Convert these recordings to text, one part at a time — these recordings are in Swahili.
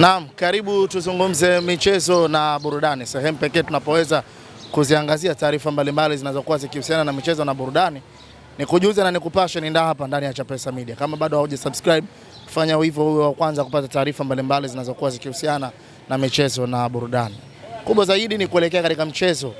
Naam, karibu tuzungumze michezo na burudani, sehemu pekee tunapoweza kuziangazia taarifa mbalimbali zinazokuwa zikihusiana na michezo na burudani. Nikujuze na nikupashe, nenda hapa ndani ya Chapesa Media. Kama bado hauja subscribe, fanya hivyo uwe wa kwanza kupata taarifa mbalimbali zinazokuwa zikihusiana na michezo na burudani. Kubwa zaidi ni kuelekea katika mchezo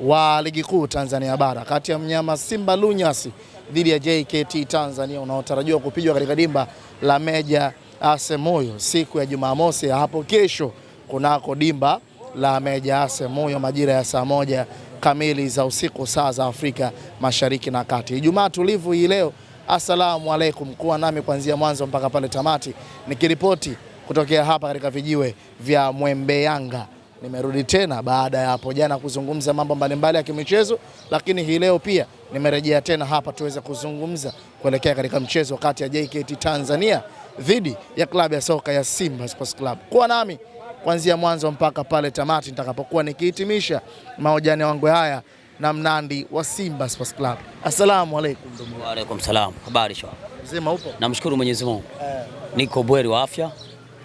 wa ligi kuu Tanzania bara kati ya mnyama Simba Lunyasi dhidi ya JKT Tanzania unaotarajiwa kupigwa katika dimba la Meja Asemuyo siku ya Jumamosi hapo kesho kunako dimba la Meja Asemuyo majira ya saa moja kamili za usiku saa za Afrika Mashariki na Kati. Ijumaa tulivu hii leo. Assalamu alaikum, kuwa nami kuanzia mwanzo mpaka pale tamati, nikiripoti kutokea hapa katika vijiwe vya Yanga. Nimerudi tena baada ya hapo jana kuzungumza mambo mbalimbali ya kimichezo, lakini hii leo pia nimerejea tena hapa tuweze kuzungumza kuelekea katika mchezo kati ya JKT Tanzania dhidi ya klabu ya soka ya Simba Sports Club. Kuwa nami kuanzia mwanzo mpaka pale tamati nitakapokuwa nikihitimisha mahojiano yangu haya na mnandi wa Simba Sports Club. Asalamu alaykum. Wa alaykum salam. Habari shwa. Mzima upo? Namshukuru Mwenyezi Mungu. Eh. Niko bweri wa afya,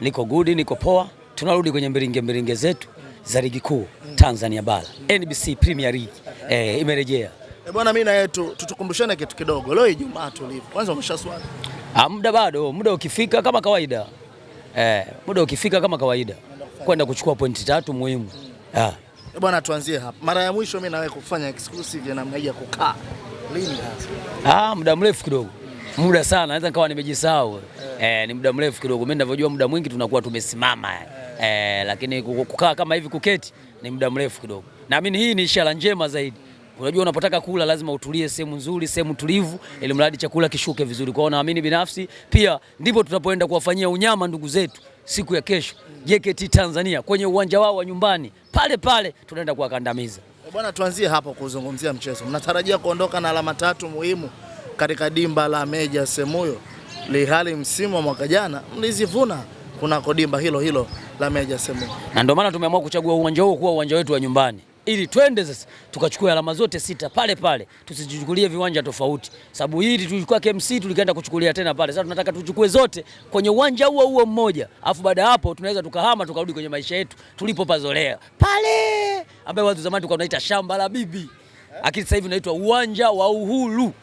niko gudi, niko poa. Tunarudi kwenye mbiringe mbiringe zetu za ligi kuu hmm. Tanzania bara. NBC Premier League. Eh, imerejea. Eh, bwana mimi na yetu tutukumbushane kitu kidogo. Leo Ijumaa tulivu. Kwanza swali. Ah, muda bado, muda ukifika kama kawaida eh, muda ukifika kama kawaida kwenda kuchukua pointi tatu muhimu ah. Eh, bwana, tuanzie hapa. Mara ya mwisho mimi nawe kufanya exclusive ya namna hii ya kukaa lini hasa? Ah, muda mrefu kidogo, muda sana, naweza nikawa nimejisahau eh, eh ni muda mrefu kidogo. Mimi ninavyojua muda mwingi tunakuwa tumesimama eh, eh lakini kukaa kama hivi kuketi ni muda mrefu kidogo. Naamini hii ni ishara njema zaidi Unajua, unapotaka kula lazima utulie sehemu nzuri, sehemu tulivu, ili mradi chakula kishuke vizuri. kwao naamini binafsi pia ndipo tutapoenda kuwafanyia unyama ndugu zetu siku ya kesho, JKT Tanzania kwenye uwanja wao wa nyumbani pale pale, tunaenda kuwakandamiza. Eh, bwana, tuanzie hapo kuzungumzia mchezo. Mnatarajia kuondoka na alama tatu muhimu katika dimba la Meja Semuyo, lihali msimu wa mwaka jana mlizivuna kunako dimba hilo hilo la Meja Semuyo, na ndio maana tumeamua kuchagua uwanja huo kuwa uwanja wetu wa nyumbani ili twende sasa tukachukua alama zote sita pale pale, tusijichukulie viwanja tofauti, sababu hili tulikuwa KMC tulikaenda kuchukulia tena pale. Sasa tunataka tuchukue zote kwenye uwanja huo huo mmoja, afu baada hapo tunaweza tukahama tukarudi kwenye maisha yetu tulipopazolea pale, ambaye watu zamani tulikuwa tunaita shamba la bibi, lakini sasa hivi unaitwa uwanja wa Uhuru.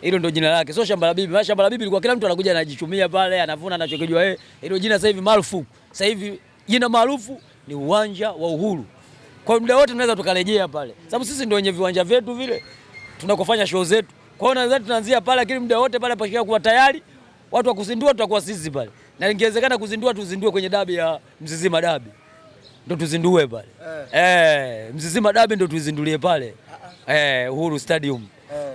Hilo ndio jina lake, sio shamba la bibi. Maana shamba la bibi ilikuwa kila mtu anakuja anajichumia pale, anavuna anachokijua yeye. Hilo jina sasa hivi maarufu, sasa hivi jina maarufu ni uwanja wa Uhuru. Kwa muda wote tunaweza tukarejea pale, sababu sisi ndio wenye viwanja vyetu vile tunakofanya show zetu. Kwa hiyo nadhani tunaanzia pale, lakini muda wote pale pashika kuwa tayari watu wa kuzindua tutakuwa sisi pale, na ingewezekana kuzindua tuzindue kwenye dabi ya Mzizima dabi ndo tuzindue pale eh. Eh, Mzizima dabi ndo tuzindulie pale eh, Uhuru Stadium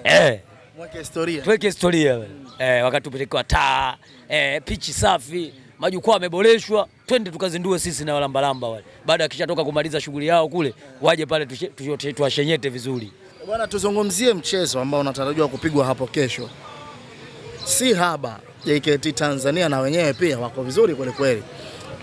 eh, eh. Mweke historia, tuweke historia mm. Eh, wakati tupelekewa taa eh, pichi safi majukwaa yameboreshwa, twende tukazindue sisi na walambalamba wale, baada akishatoka kumaliza shughuli yao kule, waje pale tuwashenyete vizuri. Bwana, tuzungumzie mchezo ambao unatarajiwa kupigwa hapo kesho, si haba JKT Tanzania na wenyewe pia wako vizuri kweli kweli,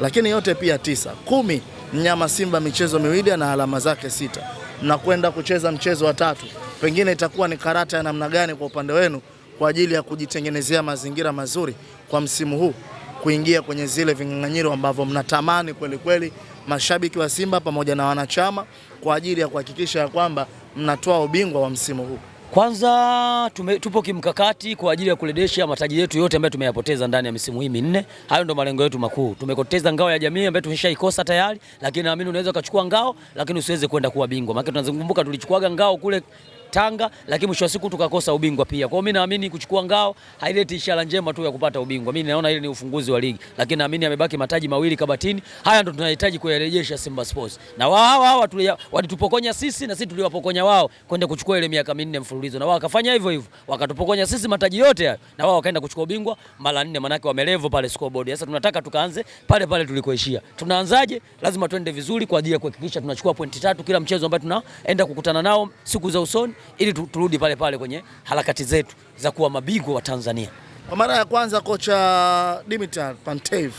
lakini yote pia tisa kumi. Mnyama Simba michezo miwili na alama zake sita, na kwenda kucheza mchezo wa tatu, pengine itakuwa ni karata ya namna gani kwa upande wenu kwa ajili ya kujitengenezea mazingira mazuri kwa msimu huu? kuingia kwenye zile ving'ang'anyiro ambavyo mnatamani kweli kweli, mashabiki wa Simba pamoja na wanachama, kwa ajili ya kuhakikisha ya kwamba mnatoa ubingwa wa msimu huu. Kwanza tume, tupo kimkakati kwa ajili ya kurejesha mataji yetu yote ambayo tumeyapoteza ndani ya misimu hii minne. Hayo ndo malengo yetu makuu. Tumepoteza ngao ya jamii ambayo tumeshaikosa tayari, lakini naamini unaweza ukachukua ngao, lakini usiweze kwenda kuwa bingwa. Maana tunazikumbuka tulichukuaga ngao kule Tanga, lakini mwisho wa siku tukakosa ubingwa pia. Kwa hiyo mimi naamini kuchukua ngao haileti ishara njema tu ya kupata ubingwa. Mimi naona ile ni ufunguzi wa ligi, lakini naamini amebaki mataji mawili kabatini. Haya ndo tunahitaji kuyarejesha Simba Sports, na wao hawa hawa walitupokonya sisi na sisi tuliwapokonya wao kwenda kuchukua ile miaka minne mfululizo, na wao wakafanya hivyo hivyo, wakatupokonya sisi mataji yote hayo, na wao wakaenda kuchukua ubingwa mara nne, manake wamelevo pale scoreboard. Sasa tunataka tukaanze pale pale tulikoishia. Tunaanzaje? Lazima twende vizuri kwa ajili ya kuhakikisha tunachukua pointi tatu kila mchezo ambao tunaenda kukutana nao siku za usoni ili turudi pale pale kwenye harakati zetu za kuwa mabingwa wa Tanzania. Kwa mara ya kwanza kocha Dimitar Pantev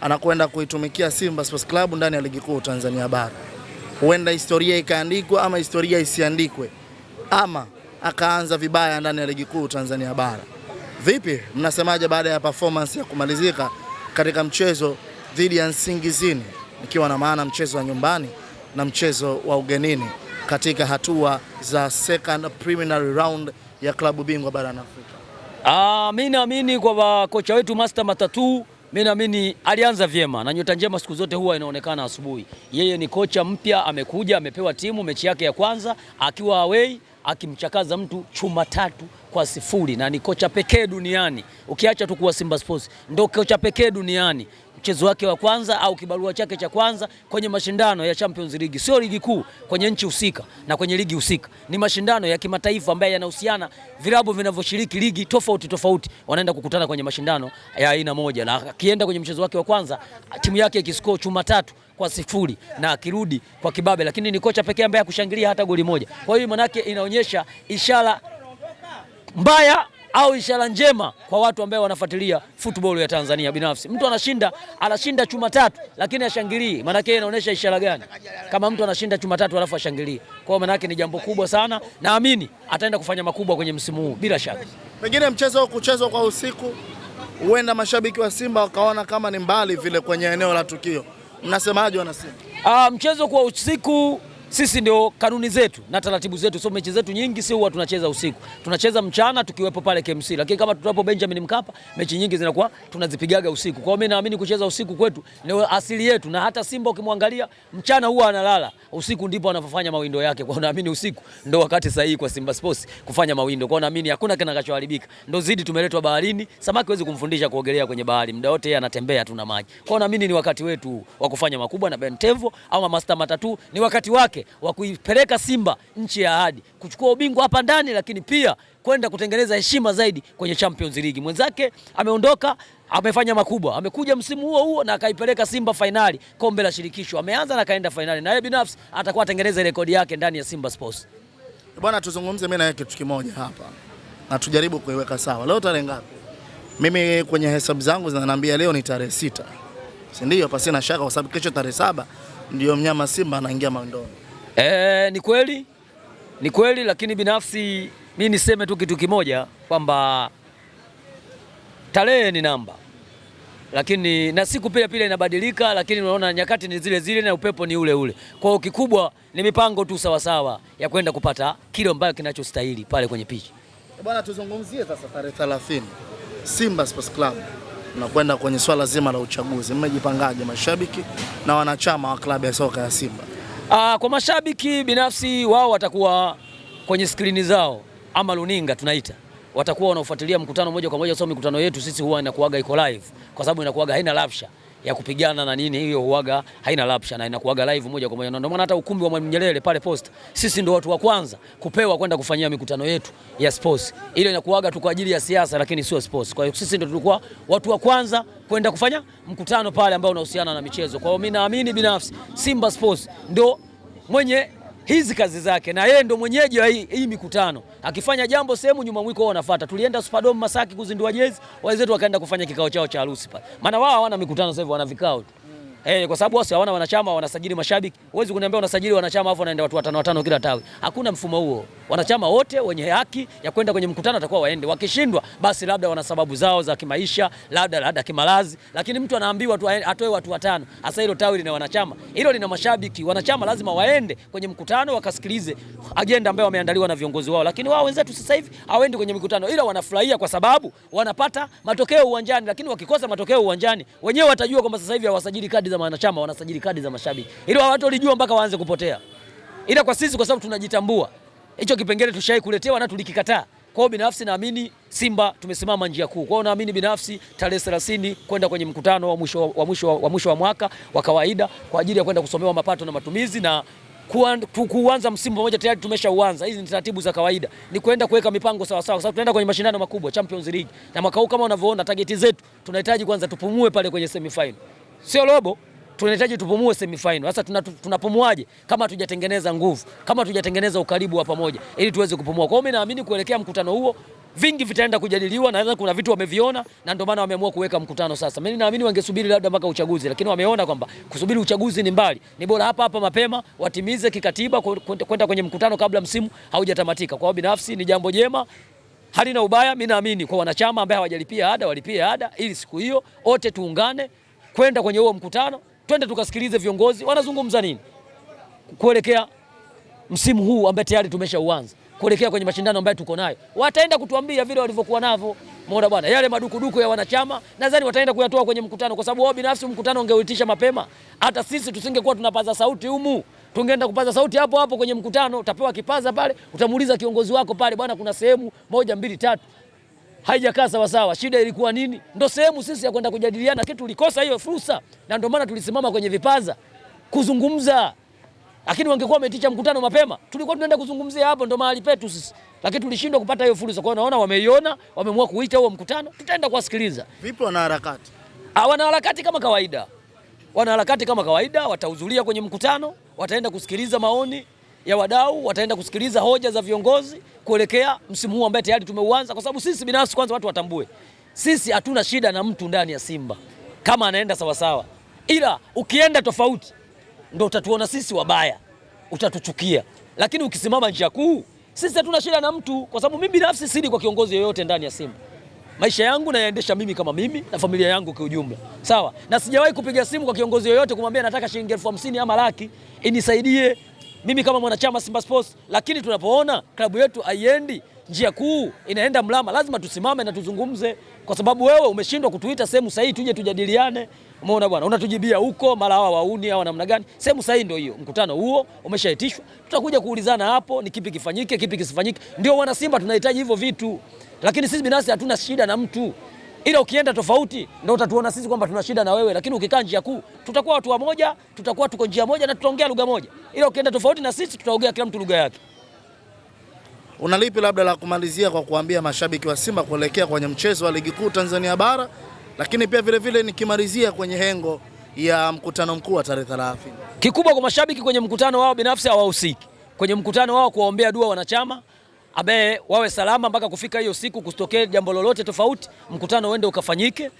anakwenda kuitumikia Simba Sports Club ndani ya ligi kuu Tanzania bara. Huenda historia ikaandikwa ama historia isiandikwe, ama akaanza vibaya ndani ya ligi kuu Tanzania bara. Vipi, mnasemaje baada ya performance ya kumalizika katika mchezo dhidi ya Nsingizini, ikiwa na maana mchezo wa nyumbani na mchezo wa ugenini? katika hatua za second preliminary round ya klabu bingwa barani Afrika? Ah, mimi naamini kwa kocha wetu Master Matatu, mimi naamini alianza vyema na nyota njema siku zote huwa inaonekana asubuhi. Yeye ni kocha mpya, amekuja amepewa timu mechi yake ya kwanza akiwa away akimchakaza mtu chuma tatu kwa sifuri na ni kocha pekee duniani ukiacha tu kuwa Simba Sports, ndio kocha pekee duniani mchezo wake wa kwanza au kibarua chake cha kwanza kwenye mashindano ya Champions League, sio ligi kuu, kwenye nchi husika na kwenye ligi husika. Ni mashindano ya kimataifa ambayo yanahusiana vilabu vinavyoshiriki ligi tofauti tofauti, wanaenda kukutana kwenye mashindano ya aina moja, na akienda kwenye mchezo wake wa kwanza timu yake ikiskoa chuma tatu kwa sifuri na akirudi kwa kibabe, lakini ni kocha pekee ambaye hakushangilia hata goli moja. Kwa hiyo manake inaonyesha ishara mbaya au ishara njema kwa watu ambao wanafuatilia football ya Tanzania. Binafsi mtu anashinda anashinda chuma tatu, lakini ashangilii, maana yake inaonyesha ishara gani? Kama mtu anashinda chuma tatu alafu ashangilii, kwa maana yake ni jambo kubwa sana. Naamini ataenda kufanya makubwa kwenye msimu huu bila shaka. Pengine mchezo kuchezwa kwa usiku, huenda mashabiki wa Simba wakaona kama ni mbali vile kwenye eneo la tukio. Mnasemaje wana Simba? Ah, mchezo kwa usiku sisi ndio kanuni zetu na taratibu zetu. So mechi zetu nyingi si huwa tunacheza usiku, tunacheza mchana tukiwepo pale KMC, lakini kama tutapo Benjamin Mkapa mechi nyingi zinakuwa tunazipigaga usiku. Kwa hiyo mimi naamini kucheza usiku kwetu ni asili yetu, na hata Simba ukimwangalia mchana huwa analala, usiku ndipo anafanya mawindo yake. Kwa hiyo naamini usiku ndio wakati sahihi kwa Simba Sports kufanya mawindo. Kwa hiyo naamini hakuna kinachoharibika, ndio zidi tumeletwa baharini. Samaki hawezi kumfundisha kuogelea kwenye bahari, muda wote yeye anatembea tu na maji. Kwa hiyo naamini ni wakati wetu wa kufanya makubwa, na Ben Tevo au Master Matatu ni wakati wake wake wa kuipeleka Simba nchi ya ahadi kuchukua ubingwa hapa ndani, lakini pia kwenda kutengeneza heshima zaidi kwenye Champions League. Mwenzake ameondoka amefanya makubwa, amekuja msimu huo huo na akaipeleka Simba fainali kombe la shirikisho, ameanza na kaenda fainali, na yeye binafsi atakuwa atengeneza rekodi yake ndani ya Simba Sports. Bwana, tuzungumze mimi na yeye kitu kimoja hapa na tujaribu kuiweka sawa. Leo tarehe ngapi? Mimi kwenye hesabu zangu zinaniambia leo ni tarehe sita, si ndio? Pasi na shaka, kwa sababu kesho tarehe saba ndio mnyama Simba anaingia maondoni. E, ni kweli ni kweli, lakini binafsi mi niseme tu kitu kimoja kwamba tarehe ni namba, lakini na siku pia pia inabadilika, lakini unaona nyakati ni zile zile na upepo ni ule ule. Kwa hiyo kikubwa ni mipango tu sawasawa ya kwenda kupata kile ambacho kinachostahili pale kwenye pichi. Bwana, tuzungumzie sasa tarehe 30 Simba Sports Club na kwenda kwenye swala zima la uchaguzi, mmejipangaje mashabiki na wanachama wa klabu ya soka ya Simba? Aa, ah, kwa mashabiki binafsi wao watakuwa kwenye skrini zao ama runinga tunaita, watakuwa wanaofuatilia mkutano moja kwa moja, kwa sababu mikutano yetu sisi huwa inakuaga iko live, kwa sababu inakuaga haina rafsha ya kupigana na nini, hiyo huaga haina lapsha na inakuaga live moja kwa moja. Ndio maana hata ukumbi wa Mwalimu Nyerere pale post sisi ndio watu wa kwanza kupewa kwenda kufanyia mikutano yetu ya sports. Ile inakuaga tu kwa ajili ya siasa, lakini sio sports. Kwa hiyo sisi ndio tulikuwa watu wa kwanza kwenda kufanya mkutano pale ambao unahusiana na michezo. Kwa hiyo mimi naamini binafsi Simba Sports ndio mwenye hizi kazi zake, na yeye ndo mwenyeji wa hii, hii mikutano. Akifanya jambo sehemu, nyuma mwiko wao wanafuata. Tulienda Superdome Masaki kuzindua jezi, wenzetu wakaenda kufanya kikao chao cha harusi pale, maana wao hawana mikutano sasa hivi, wana vikao tu. Eh, kwa sababu wao hawana wanachama, wanasajili mashabiki. Huwezi kuniambia unasajili wanachama afu unaenda watu watano watano kila tawi. Hakuna mfumo huo. Wanachama wote wenye haki ya kwenda kwenye mkutano atakuwa waende. Wakishindwa basi labda wana sababu zao za kimaisha, labda labda kimalazi, lakini mtu anaambiwa tu atoe watu watano. Hasa hilo tawi lina wanachama. Hilo lina mashabiki. Wanachama lazima waende kwenye mkutano wakasikilize ajenda ambayo wameandaliwa na viongozi wao. Lakini wao wenzetu sasa hivi hawaendi kwenye mikutano ila wanafurahia kwa sababu wanapata matokeo uwanjani, lakini wakikosa matokeo uwanjani wenyewe watajua kwamba sasa hivi hawasajili kadi kadi za wanachama wanasajili kadi za mashabiki. ili watu walijua mpaka waanze kupotea. Ila kwa sisi kwa sababu tunajitambua. Hicho kipengele tushai kuletewa na tulikikataa. Kwa hiyo binafsi naamini Simba tumesimama njia kuu. Kwa hiyo naamini binafsi tarehe 30 kwenda kwenye mkutano wa mwisho wa mwisho wa mwisho wa mwaka wa kawaida kwa ajili ya kwenda kusomewa mapato na matumizi na kuanza msimu pamoja, tayari tumeshaanza. Hizi ni taratibu za kawaida, ni kwenda kuweka mipango sawa sawa, kwa sababu tunaenda kwenye mashindano makubwa Champions League, na mwaka huu kama unavyoona target zetu tunahitaji kwanza tupumue pale kwenye semi final sio robo. Tunahitaji tupumue semifinal. Sasa tunapumuaje kama tujatengeneza nguvu, kama tujatengeneza ukaribu wa pamoja ili tuweze kupumua. Kwa hiyo mimi naamini kuelekea mkutano huo vingi vitaenda kujadiliwa, nadhani kuna vitu wameviona na ndio maana wameamua kuweka mkutano sasa. Mimi naamini wangesubiri labda mpaka uchaguzi, lakini wameona kwamba kusubiri uchaguzi ni mbali, ni bora hapa hapa mapema watimize kikatiba kwenda kwenye mkutano kabla msimu haujatamatika. Kwa hiyo binafsi ni jambo jema halina ubaya. Mimi naamini kwa wanachama ambao hawajalipia ada walipie ada, ili siku hiyo wote tuungane kwenda kwenye huo mkutano, twende tukasikilize viongozi wanazungumza nini kuelekea msimu huu ambaye tayari tumeshauanza kuelekea kwenye mashindano ambayo tuko nayo. Wataenda kutuambia vile walivyokuwa navyo. Muona bwana, yale madukuduku ya wanachama nadhani wataenda kuyatoa kwenye mkutano, kwa sababu wao binafsi mkutano ungeuitisha mapema, hata sisi tusingekuwa tunapaza sauti humu, tungeenda kupaza sauti hapo hapo kwenye mkutano. Utapewa kipaza pale, utamuuliza kiongozi wako pale, bwana, kuna sehemu moja mbili tatu haijakaa sawasawa. Shida ilikuwa nini? Ndo sehemu sisi ya kwenda kujadiliana, lakini tulikosa hiyo fursa, na ndio maana tulisimama kwenye vipaza kuzungumza. Lakini wangekuwa wameticha mkutano mapema, tulikuwa tunaenda kuzungumzia hapo, ndo mahali petu sisi, lakini tulishindwa kupata hiyo fursa. Kwa hiyo naona wameiona, wameamua kuita huo mkutano, tutaenda kuwasikiliza. Vipi wanaharakati? Ah, wanaharakati kama kawaida, wanaharakati kama kawaida watahudhuria kwenye mkutano, wataenda kusikiliza maoni ya wadau, wataenda kusikiliza hoja za viongozi kuelekea msimu huu ambaye tayari tumeuanza, kwa sababu sisi binafsi, kwanza watu watambue, sisi hatuna shida na mtu ndani ya Simba kama anaenda sawasawa, ila ukienda tofauti ndo utatuona sisi wabaya, utatuchukia. Lakini ukisimama njia kuu, sisi hatuna shida na mtu, kwa sababu mimi binafsi sili kwa kiongozi yoyote ndani ya Simba. Maisha yangu nayaendesha mimi kama mimi na familia yangu kwa ujumla, sawa. Na sijawahi kupiga simu kwa kiongozi yoyote kumwambia nataka shilingi elfu hamsini ama laki inisaidie mimi kama mwanachama Simba Sports, lakini tunapoona klabu yetu haiendi njia kuu inaenda mlama, lazima tusimame na tuzungumze, kwa sababu wewe umeshindwa kutuita sehemu sahihi tuje tujadiliane. Umeona bwana, unatujibia huko mara hawa wauni hawa namna gani? Sehemu sahihi ndio hiyo. Mkutano huo umeshaitishwa, tutakuja kuulizana hapo ni kipi kifanyike, kipi kisifanyike. Ndio wana Simba tunahitaji hivyo vitu, lakini sisi binafsi hatuna shida na mtu ila ukienda tofauti ndio utatuona sisi kwamba tuna shida na wewe, lakini ukikaa njia kuu tutakuwa watu moja, tutakuwa tuko njia moja na tutaongea lugha moja, ila ukienda tofauti na sisi tutaongea kila mtu lugha yake. Una lipi labda la kumalizia kwa kuambia mashabiki wa Simba kuelekea kwenye mchezo wa ligi kuu Tanzania bara, lakini pia vilevile nikimalizia kwenye hengo ya mkutano mkuu wa tarehe 30? Kikubwa kwa mashabiki kwenye mkutano wao binafsi hawahusiki, kwenye mkutano wao kuwaombea dua wanachama abe wawe salama mpaka kufika hiyo siku, kusitokee jambo lolote tofauti, mkutano uende ukafanyike.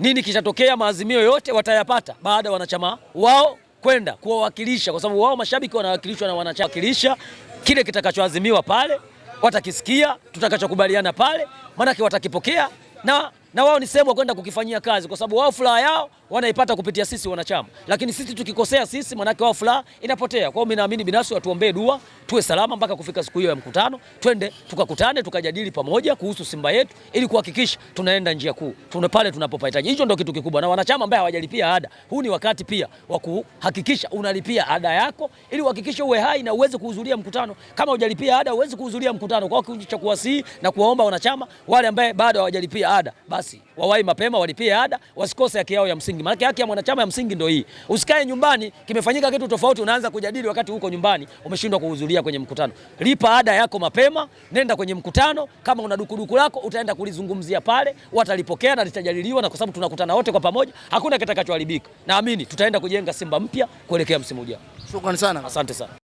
Nini kishatokea, Maazimio yote watayapata baada ya wanachama wao kwenda kuwawakilisha, kwa sababu wao mashabiki wanawakilishwa na wanachama. Wakilisha kile kitakachoazimiwa pale watakisikia, tutakachokubaliana pale, maanake watakipokea na na wao ni sehemu kwenda kukifanyia kazi, kwa sababu wao furaha yao wanaipata kupitia sisi wanachama, lakini sisi tukikosea sisi, manake wao furaha inapotea. Kwa hiyo mimi naamini binafsi, watuombee dua, tuwe salama mpaka kufika siku hiyo ya mkutano. Twende tukakutane, tukajadili pamoja kuhusu Simba yetu, ili kuhakikisha tunaenda njia kuu, tuna pale tunapopahitaji. Hicho ndio kitu kikubwa, na wanachama ambao hawajalipia ada, huu ni wakati pia wa kuhakikisha unalipia ada yako, ili uhakikishe uwe hai na uweze kuhudhuria mkutano. Kama hujalipia ada, uweze kuhudhuria mkutano. Kwa hiyo cha kuwasihi na kuwaomba wanachama wale ambao bado hawajalipia ada basi wawai mapema, walipie ada, wasikose haki yao ya msingi. Maana haki ya mwanachama ya msingi ndio hii. Usikae nyumbani, kimefanyika kitu tofauti, unaanza kujadili wakati uko nyumbani, umeshindwa kuhudhuria kwenye mkutano. Lipa ada yako mapema, nenda kwenye mkutano. Kama una dukuduku lako, utaenda kulizungumzia pale, watalipokea na litajadiliwa, na kwa sababu tunakutana wote kwa pamoja, hakuna kitakachoharibika. Naamini tutaenda kujenga Simba mpya kuelekea msimu ujao. Shukrani sana, asante sana.